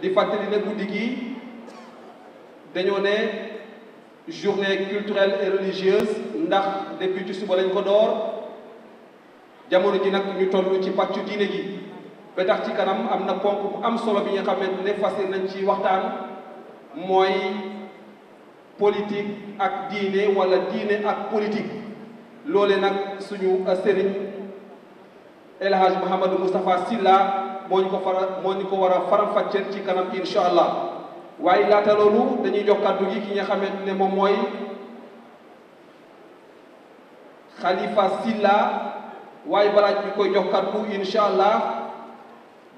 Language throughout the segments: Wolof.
di fàttali ne guddi journée culturelle et religieuse ndax depuis ci suba lañ ko door jamono ji Nous ñu tollu ci diiné gi ba ci kanam amna pompe am solo bi politique ak la wala Nous ak politique lolé nak suñu El Hadj Mohamed moo ñu ko fara moo ñu ko war a faram-fàcceel ci kanam incha allah waaye laata loolu dañuy jox kàddu gi ki nga xamante ne moom mooy Khalifa Silla waaye balaa ñu koy jox kàddu incha allah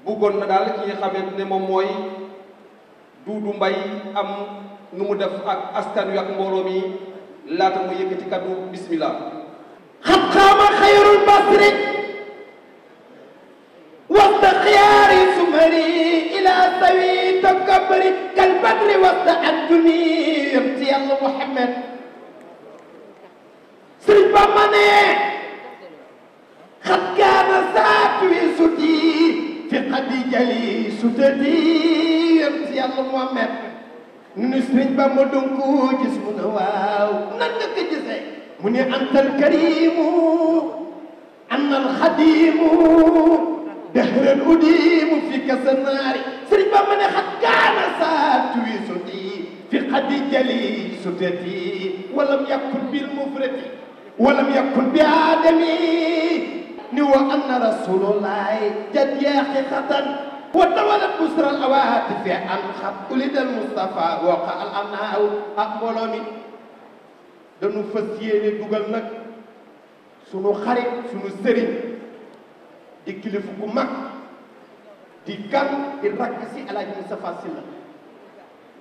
bëggoon na daal ki nga xamante ne moom mooy Duudu Mbay am nu mu def ak askan wi ak mbooloo mi laata mu yëkkati kàddu bismillah. xam-xama xayrul basri خياري سمري إلى سويت كبري كالبدر وسط الدنيا يمتي الله محمد سرج مني خد كان ساتوي ويسودي في قدي جلي سودي يمتي الله محمد نسرين سرج بامو دونكو جسمنا واو مني أنت الكريم أنا الخديم dahran udiimu fi kasanaari sëriñ ba ma ne xat kaana saatu wi suti fi xadi jali sutati walam yakun bil mufrati walam yakun bi aadami ni wa anna rasulullahi jad yaaxi xatan وتولت بسر الأواتف عن خط ولد المصطفى وقع الأنهاء أقبلوني dañu fas yéene dugal nag sunu xarit sunu sëriñ di kilifa bu mag di gan di rakk si El Hadj Moustapha Sylla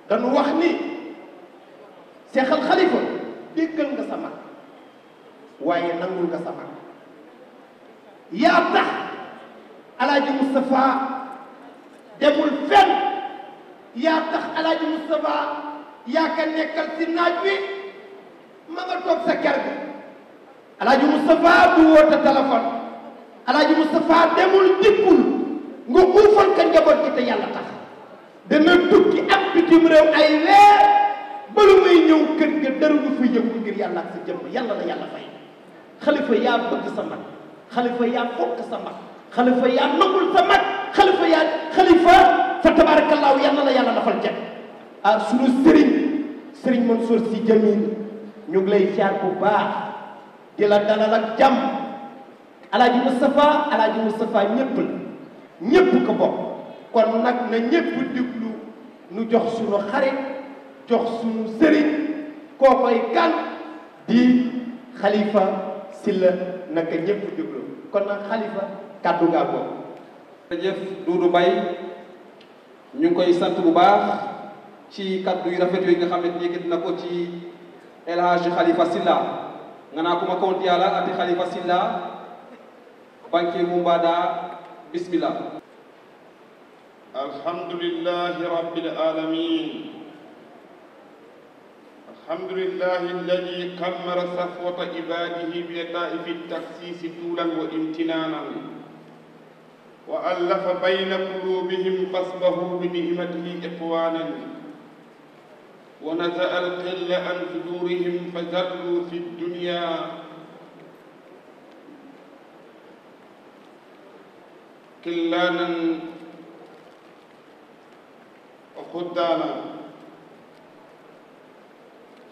dañu wax ni seexal xalifa waaye nangul nga sa mag yaa tax El Hadj demul fenn yaa tax El Hadj yaa ka nekkal si naaj wi ma sa kër gi El Hadj Moustapha du woote téléphone. alaaji Moustapha demul dikkul nga uufal ka njaboot gi te yàlla tax dana tukki ak bitim réew ay weer bala may ñëw kër ga dara lu fi yëngu ngir yàlla ak sa jëmm yàlla la yàlla fay xalifa yaa bëgg sa mag xalifa yaa fonk sa mag xalifa yaa nangul sa mag xalifa yaa xalifa fa tabaarakallaahu yàlla la yàlla dafal jëm ah sunu sëriñ sëriñ Mansour Sy Djamil ñu ngi lay siyaar bu baax di la dalal ak jàmm alaaji Moustapha alaaji Moustapha ñëpp la ñëpp ko bokk kon nag na ñëpp diglu nu jox suñu xarit jox suñu sëriñ koo koy kan di xalifa Silla naka ñëpp diglu kon nag xalifa kàddu gaa ko jërëjëf Doudou Mbaye ñu ngi koy sant bu baax ci kàddu yu rafet yooyu nga xam ne yëkkati na ko ci El Hadj Khalifa Silla nga naa kuma konti yàlla ati Khalifa Silla مبادا بسم bismillah الحمد لله رب العالمين الحمد لله الذي كمر صفوة عباده بلطائف التخصيص طولا وامتنانا وألف بين قلوبهم قصبه بنعمته إخوانا ونزع القل عن صدورهم فزروا في الدنيا كلانا وخدانا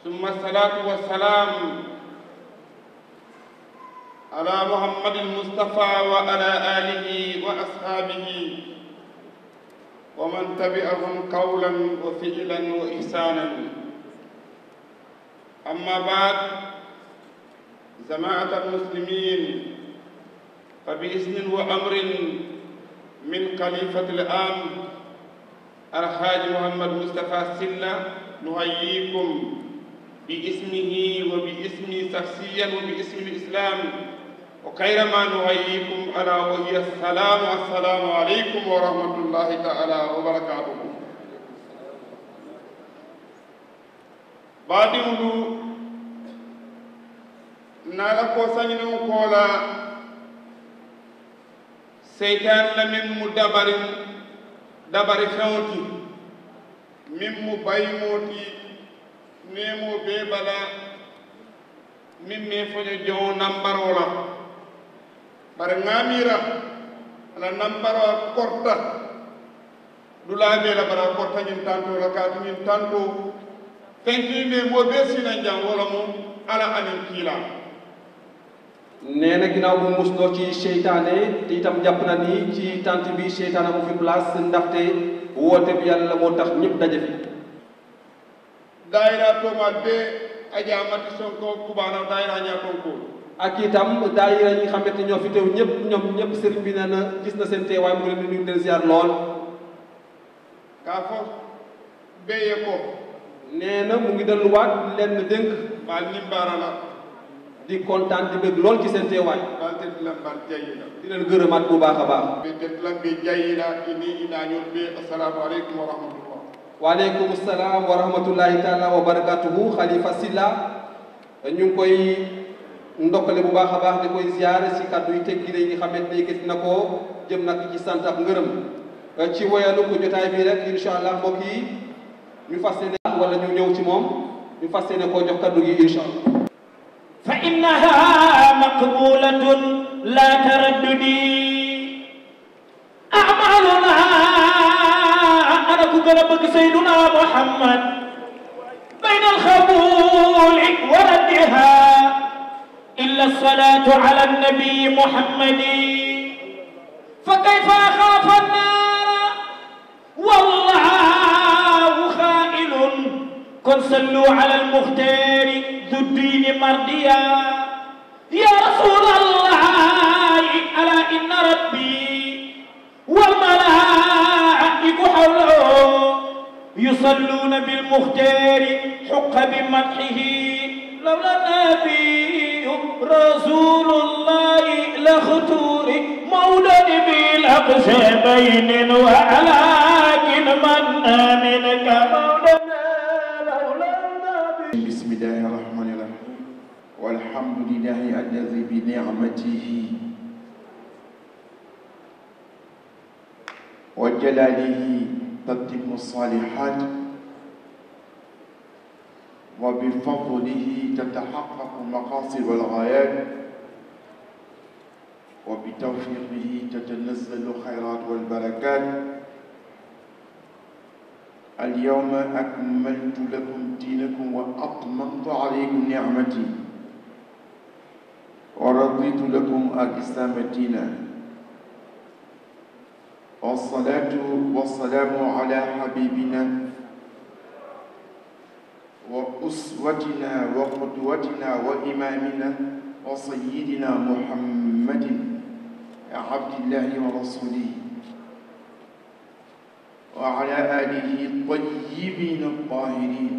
ثم الصلاة والسلام على محمد المصطفى وعلى آله وأصحابه ومن تبعهم قولا وفعلا وإحسانا أما بعد جماعة المسلمين فبإذن وأمر من خليفة الآن الحاج محمد مصطفى سلة نهييكم باسمه وباسمي شخصيا وباسم الإسلام وخير ما نهييكم على وهي السلام والسلام عليكم ورحمة الله تعالى وبركاته بعد ولو نالا كوسانينو كولا seytan la min mu dabari dabari fewti min mu baymooti nemo be bala min mi foño jon nambarola bare ŋamira ala nambaro a korta dulaɓe la bara korta ñin tanto la kaatu ñin tanto fenkimi mo be sinan jam wola mum ala anin kiilama nee na ginnaaw bu musloo ci seytaane te itam jàpp na ni ci tant bi seytaane mu fi place ndaxte woote bi yàlla moo tax ñëpp daje fi daayira toomaat be ajaamati sonko ñoo fi teew ñëpp ñoom ñëpp sëriñ bi nee na gis na seen teewaay mu leen di nuyu leen ngi delluwaat lenn dénk maa limbaara la di kontaan di bëgg lool ci seen teewaay. baltet lambat jayina. di leen gërëmaat bu baax a baax. baltet lambi jayina ini ina ñun bi asalaamaaleykum wa rahmatullah. waaleykum salaam wa rahmatullahi taala wa barakatuhu Khalifa Silla ñu ngi koy ndokkale bu baax a baax di koy ziare si kàddu yu teggi yi nga xamante ne gis na ko jëm nag ci sant ak ngërëm ci woyalu ko jotaay bi rek incha allah mbokk ñu fas yéene wala ñu ñëw ci moom ñu fas yéene koo jox kàddu gi incha fa innaha maqbulatun la taraddudi amaluna ana ku gën a bëgg sayduna muhammad bayna alxabuli wa raddiha illa alsalatu ala annabi muhammadi fa kayfa axaafa annaara wallah كن صلوا على المختار ذو الدين مرضيا يا رسول الله ألا إن ربي والملائكة حوله يصلون بالمختار حق بمدحه لولا النبي رسول الله لخطور مولد بالاقسام بين ولكن من آمن كما الحمد لله الذي بنعمته وجلاله تتم الصالحات وبفضله تتحقق المقاصد والغايات وبتوفيقه تتنزل الخيرات والبركات اليوم أكملت لكم دينكم وأطمنت عليكم نعمتي ورضيت لكم الإسلام دينا والصلاة والسلام على حبيبنا وأسوتنا وقدوتنا وإمامنا وسيدنا محمد عبد الله ورسوله وعلى آله الطيبين الطاهرين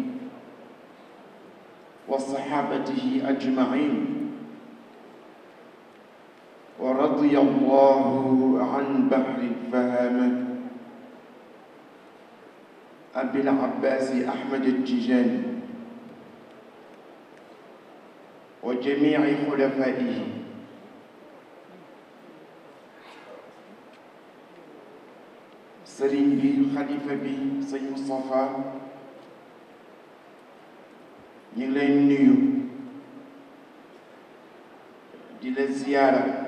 وصحابته أجمعين رضي الله عن بحر فهامته أبي العباس أحمد التجان وجميع خلفائه سرين بي خليفة بي سيد مصطفى يلين نيو دي لزياره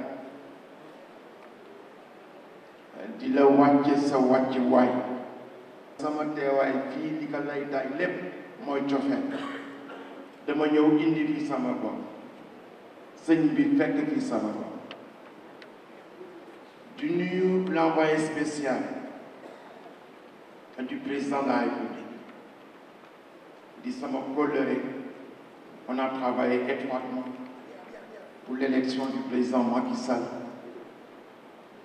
di la sa wàcce way sama teway fi li ko lay daay lépp mooy cofeel dama ñëw indi fi sama bopp señ bi fekk fi sama bopp di nuyu l'envoyé spécial du président de la République di sama coloré on a travaillé étroitement pour l'élection du président Macky Sall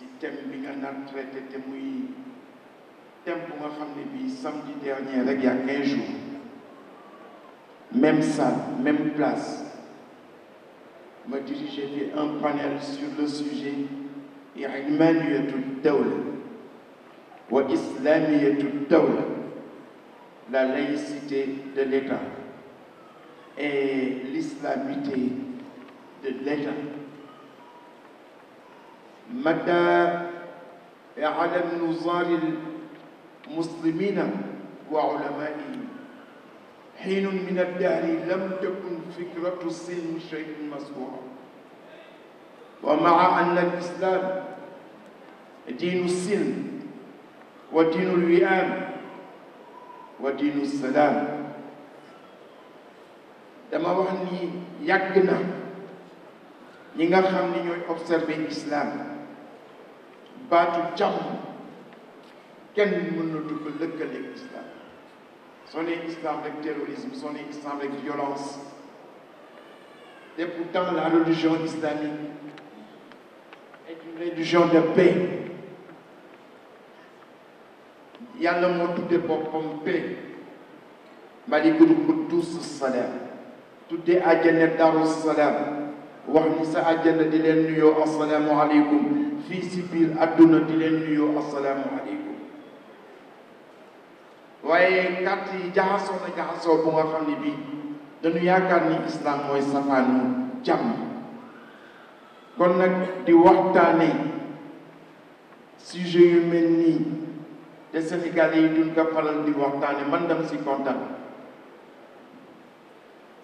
si thème bi nga traité te muy thème bu nga xam bi samedi dernier il y a 15 jours même salle même place ma dirigé fi un panel sur le sujet imaniyatu dawla wa islamiyatu dawla la laïcité de l'État et l'islamité de l'État متى على النضال المسلمين وعلمائهم حين من الدهر لم تكن فكرة السلم شيء مسموع ومع أن الإسلام دين السلم ودين الوئام ودين السلام لما wax ni yàgg na ñi nga xam baatu jàmm quel monde ko lëkkaleeg islam l'islam. Son islam avec terrorisme son islam avec violence et pourtant la religion islamique est une religion de paix yalla mo tudde boppam paix malikul tous salaam tudde àjjana daru salam. wax ni sa àjjana di leen nuyoo asalaamualeykum fii si biir àdduna di leen nuyoo asalaamualeykum waaye kàtt yi jaxasoo na jaxasoo bu nga xam ne bii dañu yaakaar ni islam mooy safaanu jàmm kon nag di waxtaane sujet yu mel nii te sénégalais yi duñ ko faral di waxtaane man dem si kontaan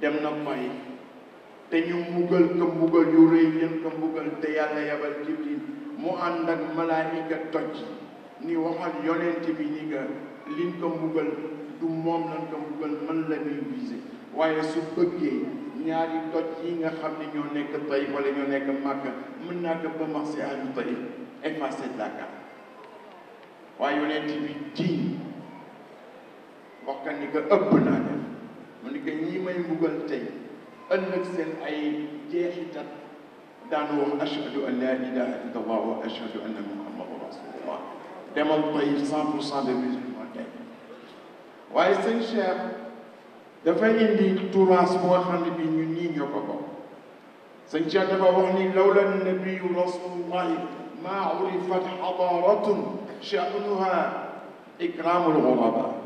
dem na mooy te ñu mbugal ko mbugal yu rëy leen ko mbugal te yàlla yabal jibril mu ànd ak malaayika toj ni waxal yonent bi ni nga liñ ko mbugal du moom lañ ko mbugal man la visé waaye su bëggee ñaari toj yi nga xam ne ñoo nekk tey wala ñoo nekk màkka mën naa ko commencé àñu tey effacé de la carte waaye yonent bi jiñ wax ni ko ëpp naa mu ni ko ñi may mbugal tey ëllëg seen ay jeexitat daan wax ashhadu an la ilaha illa allah wa ashhadu anna muhammadu rasulullah demal tey cent pour cent de musulmans tey waaye seen cheikh dafa indi turas bu nga xam ne bi ñun ñii ñoo ko bokk sëñ Cheikh dafa wax ni lawla nabiyu rasulullahi ma urifat xadaratun sha'nuha ikramul ghuraba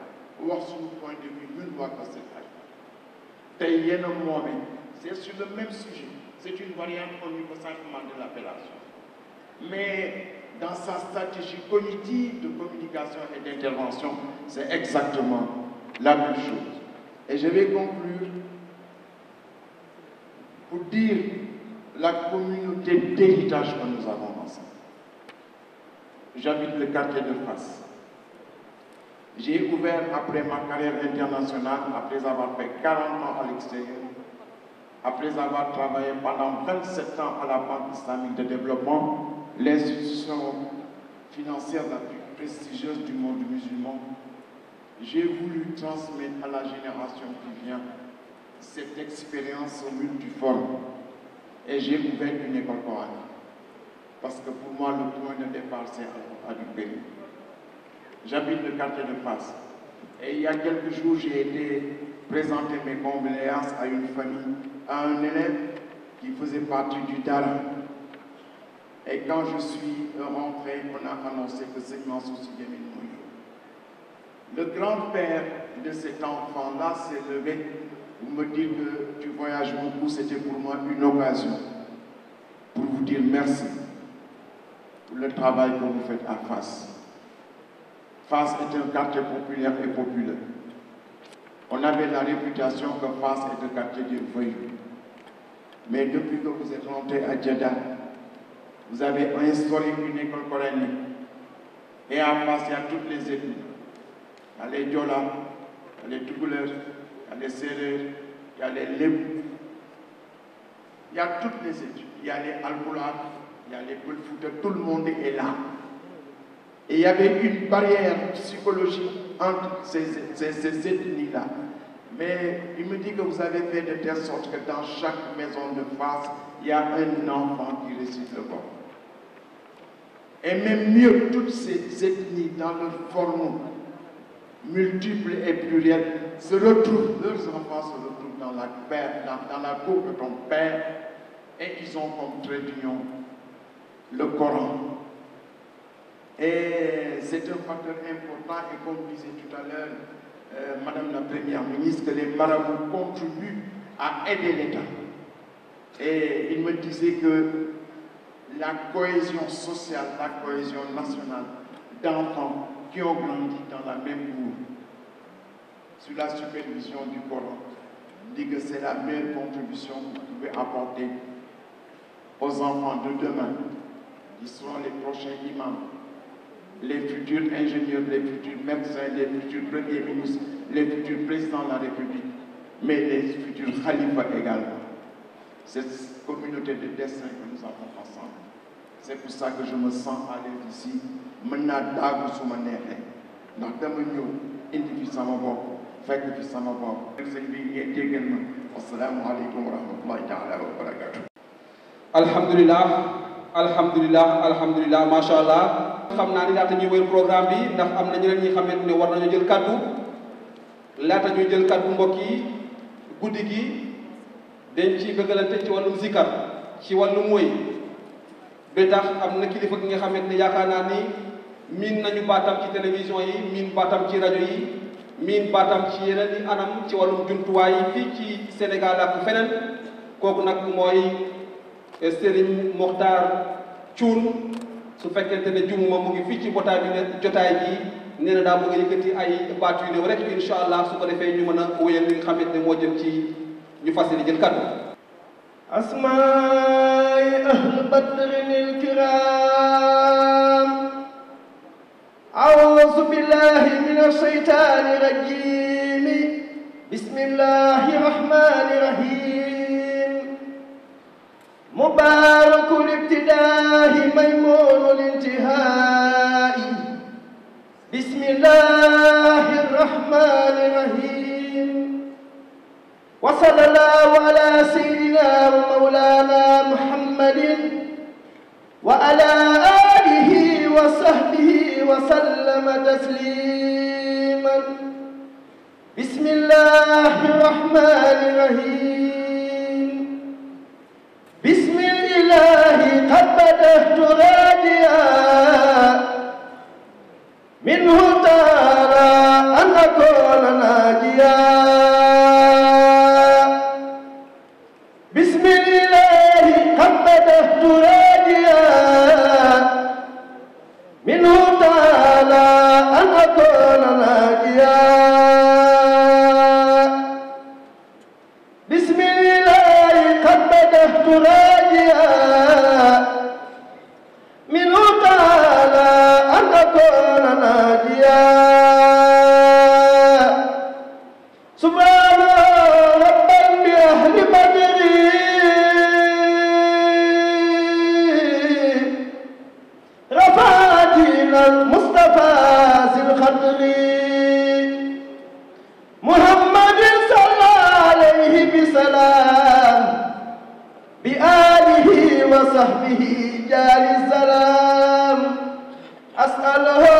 sur son point de vue une voix Pastef c'est sur le même sujet c'est une variante au niveau simplement de l'appellation mais dans sa stratégie cognitive de communication et d'intervention c'est exactement la même chose et je vais conclure pour dire la communauté d'héritage que nous avons ensemble j'habite le quartier de France. J'ai ouvert après ma carrière internationale, après avoir fait 40 ans à l'extérieur, après avoir travaillé pendant 27 ans à la Banque islamique de développement, l'institution financière la plus prestigieuse du monde musulman, j'ai voulu transmettre à la génération qui vient cette expérience multiforme et j'ai ouvert une école coranique. Parce que pour moi, le point de départ, c'est à du J'habite le quartier de France Et il y a quelques jours, j'ai été présenter mes condoléances à une famille, à un élève qui faisait partie du talent. Et quand je suis rentré, on a annoncé que c'est souci de Le grand-père de cet enfant-là s'est levé pour me dire que tu voyages beaucoup, c'était pour moi une occasion pour vous dire merci pour le travail que vous faites à face. France est un quartier populaire et populaire. On avait la réputation que France est un quartier de voyous. Mais depuis que vous êtes rentré à Jeddah, vous avez instauré une école coranique. Et en France, il y a toutes les études. Il y a les Djola, il y a les Tougouleurs, il y a les serres, il y a les Lébou. Il y a toutes les études. Il y a les alcoolas, il y a les Poulfoutes, tout le monde est là. Et il y avait une barrière psychologique entre ces, ethnies-là. Mais il me dit que vous avez fait de telle sorte que dans chaque maison de face, il y a un enfant qui récite le Et même mieux, toutes ces ethnies, dans leur forme multiple et plurielle, se retrouvent, leurs enfants se retrouvent dans la, père, dans, la cour de ton père, et ils ont comme trait d'union le Coran. Et c'est un facteur important et comme disait tout à l'heure euh, Madame la Première ministre, que les marabouts contribuent à aider l'État. Et il me disait que la cohésion sociale, la cohésion nationale d'enfants qui ont grandi dans la même cour, sous la supervision du Coran, dit que c'est la meilleure contribution qu'on vous apporter aux enfants de demain, qui seront les prochains imams les futurs ingénieurs, les futurs médecins, les futurs premiers ministres, les futurs présidents de la République, mais les futurs khalifas également. Cette communauté de destin que nous avons ensemble. C'est pour ça que je me sens à l'aise ici. Maintenant, d'agou sous ma nez. Dans deux minutes, indi fi sama bopp fekk fi sama bopp. sëñ bi je jéggal ma. asalaamaaleykum wa rahmatullahi wa barakatu. alhamdulilah alhamdulilah alhamdulilah macha xam naa ni laata ñuy wéyal programme bi ndax am na ñeneen ñi xamante ne war nañu jël kàddu laata ñuy jël kàddu mbokk yi guddi gi dañ ci bëggalante ci wàllum zikar ci wàllum woy ba tax am na kilifa gi nga xamante ni yaakaar naa ni miin nañu baatam ci télévision yi miin baatam ci rajo yi miin baatam ci yeneen i anam ci wàllum jumtuwaay yi fii ci senegal ak feneen kooku nag mooy Serigne Mokhtar Thioune su fekkente ne jumuma mu ngi fii ci botaay bi ne jotaay ji nee na daa bëgg a yëkkati ay baat yu néew rek incha allah su ko defee ñu mën a wéyal li nga ne moo jëm ci ñu fas yéene jël kàddu asmaay ahl badrin ilkiram aouzu billahi min alsheytani rajim bismillahi rahmani rahim مبارك الابتداء ميمون الانتهاء بسم الله الرحمن الرحيم وصلى الله على سيدنا ومولانا محمد وعلى آله وصحبه وسلم تسليما بسم الله الرحمن الرحيم به جار السلام أسأله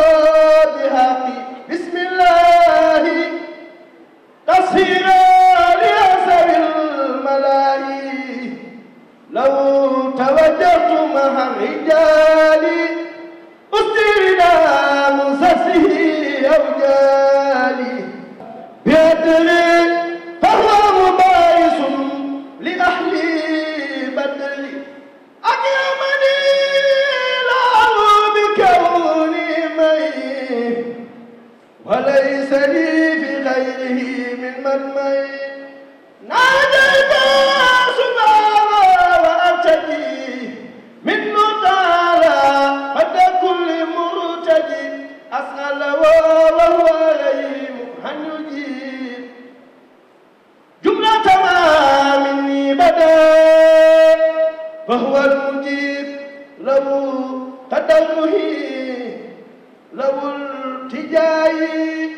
ارتجائي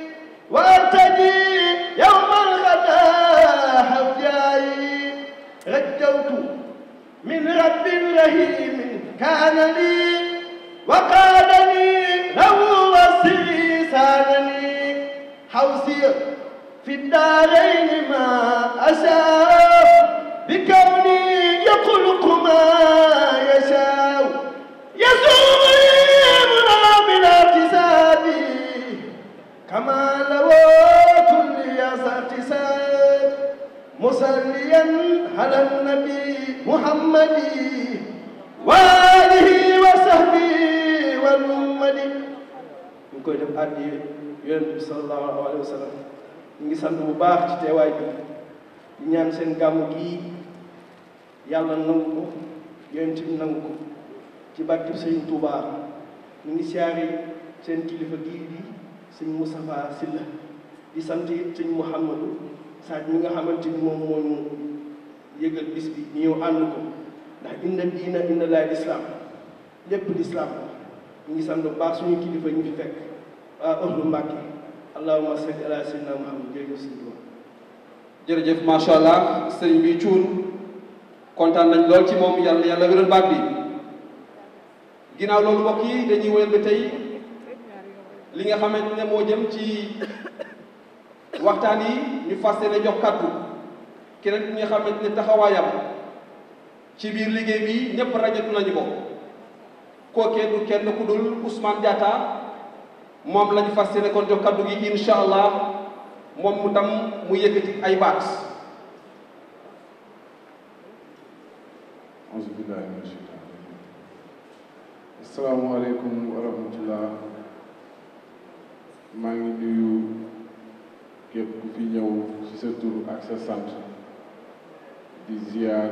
يوم رجوت من رب رهيم كان لي له حوسي في الدارين محمد وآله وصحبه ngi sant bu baax ci teewaay bi di ñaan seen gàmm gii yàlla nangu ko yonent bi nangu ko ci barke Sëriñ Tuubaa ñu ngi siyaare seen kilifa gii di sëñ Moustapha Sylla di sant it sëñ Mouhamadou Saaj nga xamante ni moom moo ñu yëgal bis bi ñëw ànd ko ndax inna diina inna laay lislaam lépp lislaam ñu ngi sant bu baax suñu kilifa ñu fi fekk waa ëxlu Mbàkke allahumma salli ala sayyidina muhammad jërëjëf sëriñ jërëjëf macha allah sëriñ bi cuun kontaan nañ lool ci moom yàlla yàlla wéral baat bi ginnaaw loolu mbokk yi dañuy wéyal ba tey li nga xamante ne moo jëm ci waxtaan yi ñu fas yéene jox kàddu keneen ki nga xamante ne taxawaayam ci biir liggéey bi ñëpp rajatu nañu ko kookee kenn ku dul Ousmane Diatta moom lañu fas yéene kon jox kaddu gi incha allah moom mu tam mu yëkkati ay baat auzu billahi mina maa ngi nuyu képp ku fi ñëw ci sa ak sa sant di ziar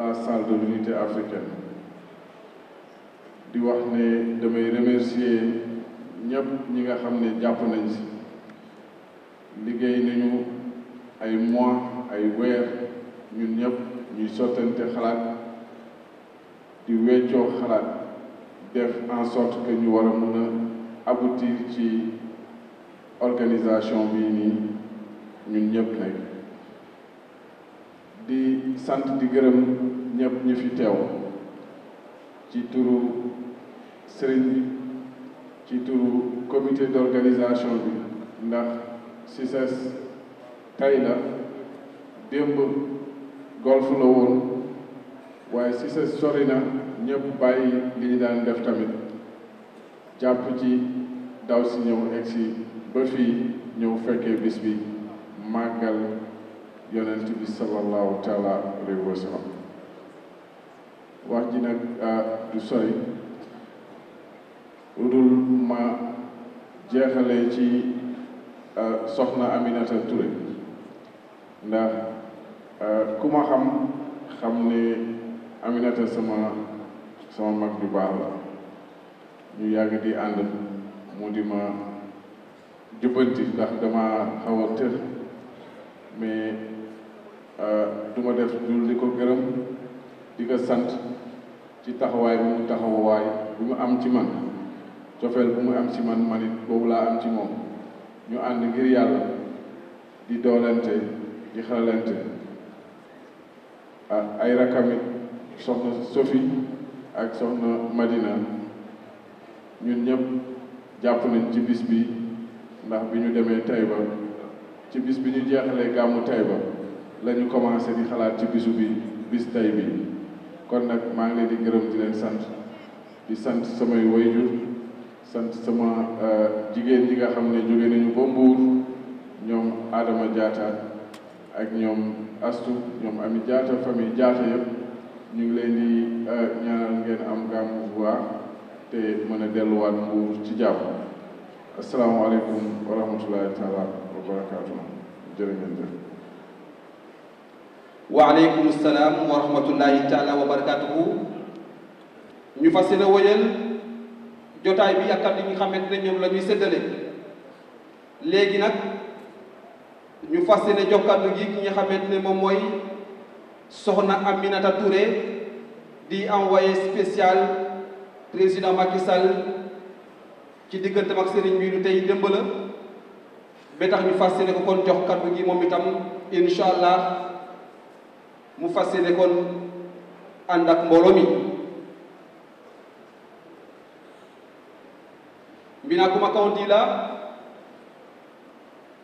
la salle de l'unité africaine di wax ne damay remercier ñëpp ñi nga xam ne jàpp nañ si liggéey nañu ay mois ay weer ñun ñëpp ñuy sottante xalaat di weccoo xalaat def en sorte que ñu war a mën a aboutir ci organisation bi nii ñun ñëpp nag di sant di gërëm ñëpp ñi fi teew ci turu sëriñ ci turu comité d'organisation bi ndax CICES tay la démb golf la woon waaye CICES sori na ñëpp bàyyi li ñu daan def tamit jàpp ci daw si ñëw egsi ba fii ñëw fekkee bis bi màggal yonent bi sallallahu taala alayhi wa wax ji nag ah, du sori lu dul ma jeexalee ci ah, soxna Aminata Touré ndax ah, ku ma xam xam ne Aminata sama sama mag ju baax la ñu yàgg di ànd mu di ma jubbanti ndax dama xaw tër mais Euh, du ma def dul di ko gërëm di sant ci taxawaay bi mu taxawaay bi mu am ci man cofeel bu mu am ci man manit boobu laa am ci moom ñu ànd ngir yàlla di doolante di xalalante ah, ay rakamit soxna Sophie ak soxna Madina ñun ñëpp jàpp nañ ci bis bi ndax bi ñu demee Taïba ci bis bi ñu jeexalee gàmmu Taïba la ñu commencé di xalaat ci bisu bi bis tay bi kon nag maa ngi leen di gërëm di leen sant di sant samay wayjur sant sama euh, jigéen ji nga xam ne jóge nañu ba Mbuur ñoom Adama Diatta ak ñoom Astu ñoom Ami Diatta famille Diatta yëpp ñu ngi leen di euh, ñaanal ngeen am gàmmu bu baax te mën a delluwaat Mbuur ci jàpp asalaamaaleykum wa rahmatulahi taala wa barakaatu jërë ngeen jëf waaleykum salaam wa rahmatullahi taala wa barakatuhu ñu fas yéene wëyal jotaay bi ak kàddu yi nga xamante ne ñoom lañuy seddale léegi nag ñu fas yéene jox kàddu gi ki nga xamante ne moom mooy soxna Aminata Touré di envoyé spécial président Macky Sall ci digganteem ak sëriñ bi du tey démb la ba tax ñu fas yéene ko kon jox kàddu gi moom itam incha allah. mu fas yéene kon ànd ak mbooloo mi Mbinakuma County la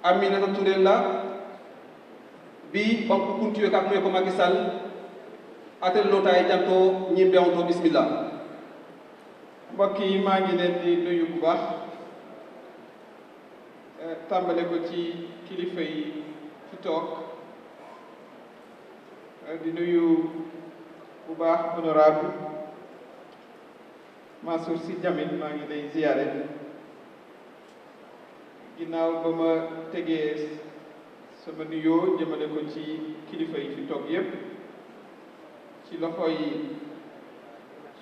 Aminata Touré la bi banku kuntiyo kak moye ko Macky Sall atel lootaay janto ñimbe on to bismillah mbokk yi maa ngi leen di nuyu bu baax eh, tàmbale ko ci kilifa yi toog ak di nuyu bu baax honorable Mansour Sy Djamil maa ngi lay ziyaare ginnaaw ba ma tegee sama nuyoo jëmale ko ci kilifa yi fi toog yépp ci loxo yi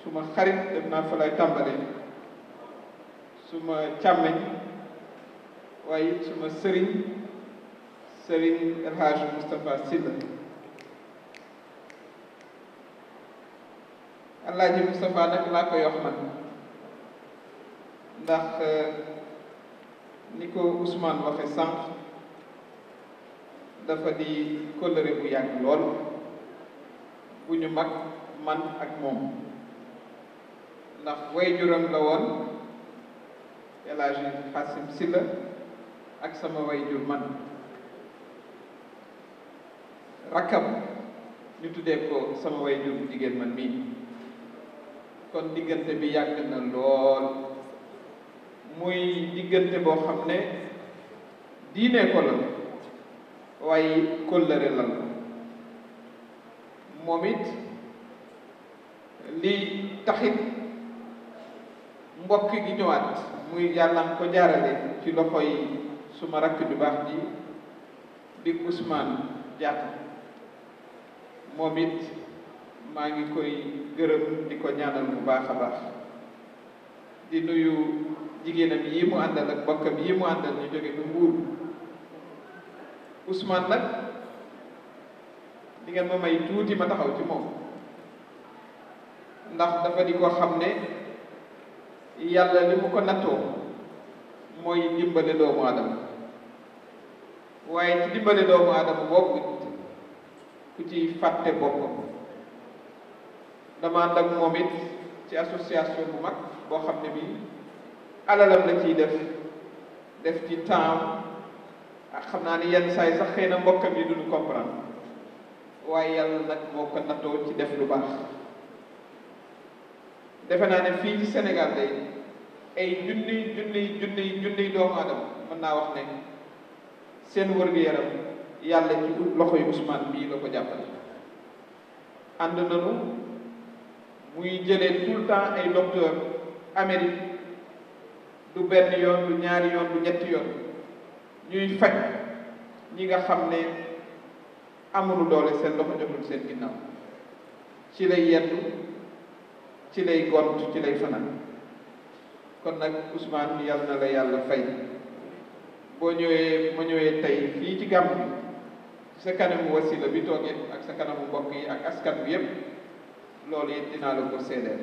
suma xarit def naa fa lay tàmbale suma càmmeñ waaye suma sëriñ sëriñ El Hadj Moustapha alaaji Moustapha nag laa koy wax man ndax euh, ni ko Ousmane waxe sànq dafa di kóllëre bu yàgg lool bu ñu mag man ak moom ndax way juram la woon El Hadji Xasim Silla ak sama way jur man rakkam ñu tuddee ko sama way jur jigéen man mii kon diggante bi yàgg na lool muy diggante boo xam ne diine ko la waaye kóllëre la moom it li taxit mbokk gi ñëwaat muy yàllam ko jaarale ci loxo yi suma rakk ju baax ji di Ousmane Diatta moom it maa ngi koy gërëm di ko ñaanal bu baax a baax di nuyu jigéenam yi mu àndal ak bokkam yi mu àndal ñu jóge bu mbuur Ousmane nag di ngeen ma may tuuti ma taxaw ci moom ndax dafa di ko xam ne yàlla li mu ko nattoo mooy dimbale doomu aadama waaye ci dimbale doomu aadama boobu ku ciy fàtte boppam dama ànd ak moom it ci association bu mag boo xam ne bii alalam la ciy def def ci temps ak ah, xam naa ne yenn saay sax xëy na mbokkam yi duñu comprendre waaye yàlla nag moo ko nattoo ci def lu baax defe naa ne fii ci Sénégal day ay junniy junniy junniy junniy doomu aadama mën naa wax ne seen wër-gu-yaram yàlla ci loxo yu Ousmane bii la ko jàppale ànd nanu muy jële tout le temps ay docteur Amérique du benn yoon du ñaari yoon du ñetti yoon ñuy faj ñi nga xam ne amulu doole seen loxo jotul seen ginnaw ci lay yendu ci lay gont ci lay fanaan kon nag Ousmane yàlla na la yàlla fay boo ñëwee moo ñëwee tey lii ci gàmm bi sa kanamu wasila bi toogee ak sa kanamu mbokk yi ak askan bi yépp loolu it dinaa la ko seedeel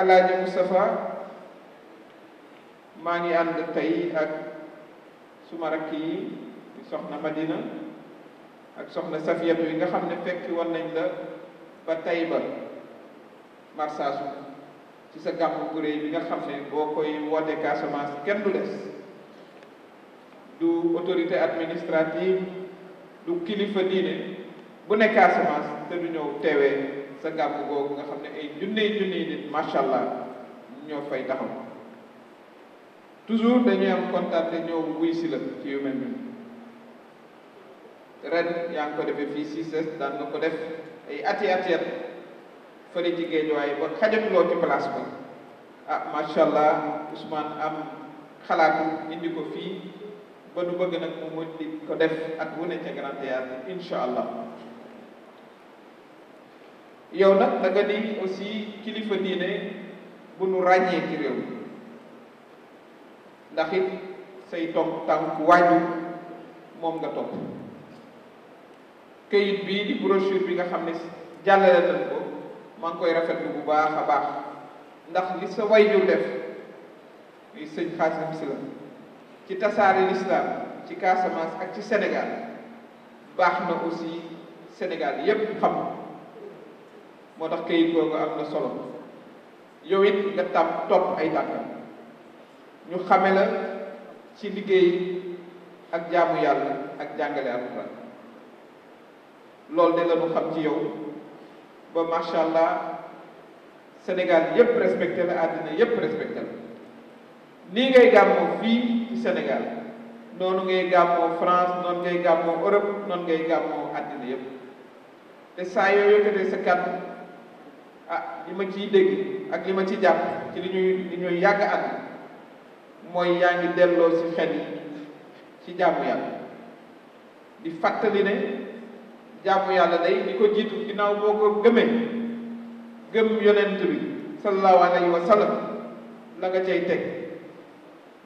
alaaji Moustapha maa ngi ànd tey ak suma rakk yi soxna Madina ak soxna Safiyatu yi nga xam ne fekki woon nañ la ba tey ba marsaasu ci sa gàmmu gu réy bi nga xam ne boo koy woote Casamance kenn du des du autorité administrative du kilifa diine bu nekk Casamance te du ñëw teewee sa gàmmu googu nga xam ne ay junney junney nit macha allah ñoo fay taxaw toujours dañuy am kontaan te ñëw wuy si la ci yu mel nii ren yaa ngi ko defee fii Cissé daan nga ko def ay ati ati at fële ci géejuwaay ba xajatloo ci place ba ah macha allah Ousmane am xalaatu indi ko fii ba du bëgg nag mu mujj di ko def at wu ne ca Grand Théâtre incha allah. yow nag naga nga di aussi kilifa diine bu nu ràññee ki réew ndax it say toog tànk waaju moom nga topp këyit bii di brochure bi nga xam ne jàllale na ko maa ngi koy rafetlu bu baax a baax ndax li sa wayjur def li sëñ Xaasim si la ci tasaare l'islam ci Casamance ak ci Sénégal baax na aussi Sénégal yépp xam moo tax kayit googu am na solo yow it nga tàpp topp ay tànkam ñu xame la ci liggéey ak jaamu yàlla ak jàngale alxuraan loolu de la ñu xam ci yow ba macha allah Sénégal yépp respecté la àddina yépp respecté la nii ngay gàmmoo fii ci Sénégal noonu ngay gàmmoo France noonu ngay gàmmoo Europe noonu ngay gàmmoo àddina yépp te saa yoo yëkkatee sa kàddu li ma ciy dégg ak li ma ci jàpp ci li ñuy li ñuy yàgg ak mooy yaa ngi delloo ci xel yi ci jaamu yàlla di fàttali ne jaamu yàlla day li ko jiit ginnaaw boo ko gëmee gëm yonent bi sallallahu wa sallam la nga cay teg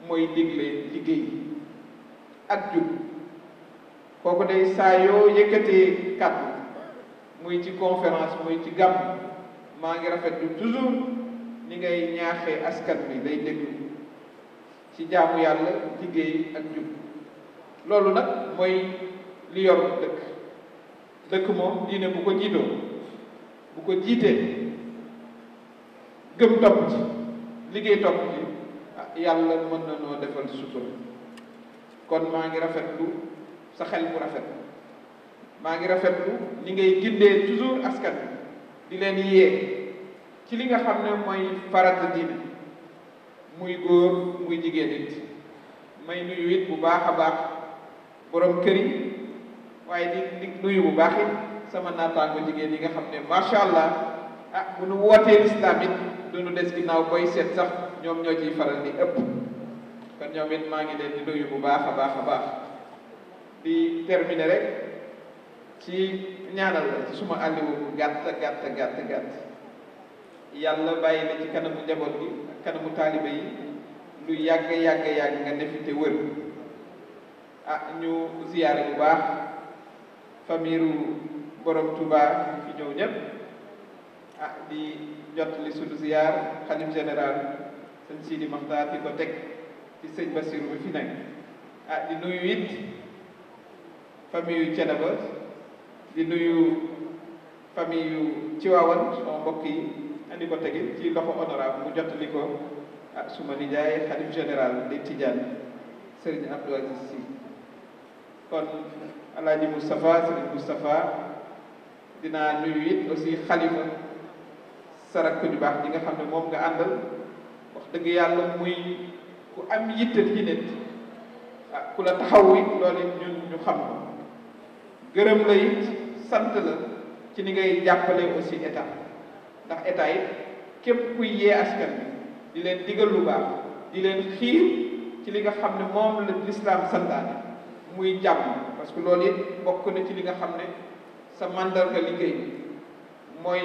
mooy digle liggéey at jub kooku day saa yoo yëkkatee kàddu muy ci conférence muy ci gàmm maa ngi rafet lu toujours ni ngay ñaaxee askan bi day déglu ci jaamu yàlla liggéey ak jub loolu nag mooy li yor dëkk dëkk moom diine bu ko jiitoo bu ko jiitee gëm topp ci liggéey topp ci ah, yàlla mën na noo defal sutura kon maa ngi rafetlu sa xel mu rafet maa ngi rafetlu ni ngay gindee toujours askan bi di leen yee ci li nga xam ne mooy farata diine muy góor muy jigéen it may nuyu it bu baax a baax borom kër yi waaye di di nuyu bu baax it sama naataango jigéen yi nga xam ne macha allah ah bu nu wootee lislaam it duñu des ginnaaw booy seet sax ñoom ñoo ciy faral di ëpp kon ñoom it maa ngi leen di nuyu bu baax a baax a baax di terminer rek. ci ñaanal la ci suma àlliwu gàtt gàtt gàtt gàtt yàlla bàyyi la ci kanamu njaboot bi ak kanamu taalibe yi lu yàgg yàgg yàgg nga ne fi te wër ah ñu ziyaare bu baax famiru borom Touba fi ñëw ñëpp ah di jot li sunu ziyaar xalif général sëñ Sidi Maxtaar di ko teg ci sëñ Basiru bi fi nekk ah di nuyu it famille yu di nuyu famille yu Tiwaawan sama mbokk yi andi ko tegit ci loxo honorable mu jottali ko ah suma nijaay xalif général di Tidiane Serigne Abdou Aziz Sy kon Alaaji Moustapha Serigne Moustapha dinaa nuyu it aussi xalifa sarak ko ju baax ñi nga xam ne moom nga àndal wax dëgg yàlla muy ku am yitte ci nit ah, ku la taxaw it loolu it ñu xam ko gërëm la it sant la ci ni ngay jàppale aussi état ndax état yi képp kuy yee askan bi di leen digal lu baax di leen xiir ci li nga xam ne moom la lislaam santaane muy jàmm parce que loolu it bokk na ci li nga xam ne sa màndarga liggéey bi mooy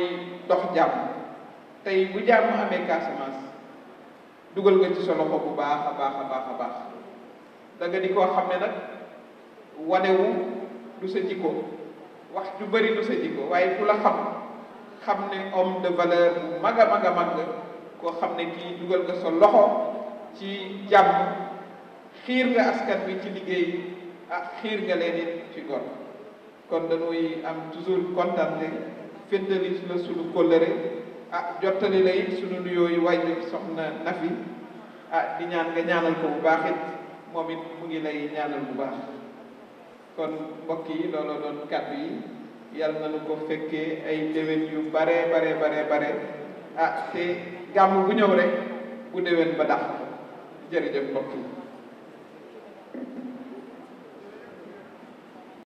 dox jàmm tey bu jàmm amee Casamance dugal nga ci sa loxo bu baax a baax a baax a baax da nga di koo xam ne nag wanewu du sa jikko wax ju bari du sa jikko waaye ku la xam xam ne homme de valeur bu mag a mag a mag koo xam ne kii dugal nga sa loxo ci jàmm xiir nga askan wi ci liggéey ah xiir nga leen it ci gor kon dañuy am toujours kontaan féddali la suñu kóllëre ah jottali la it suñu nuyooyu wàjj soxna Nafi ah di ñaan nga ñaanal ko bu baax it moom it mu ngi lay ñaanal bu baax kon mbokk yi loolu doon kàddu yi yal na nu ko fekkee ay déwén yu bare bare bare bare ah te gàmm bu ñëw rek bu déwén ba dax jërëjëf mbokk yi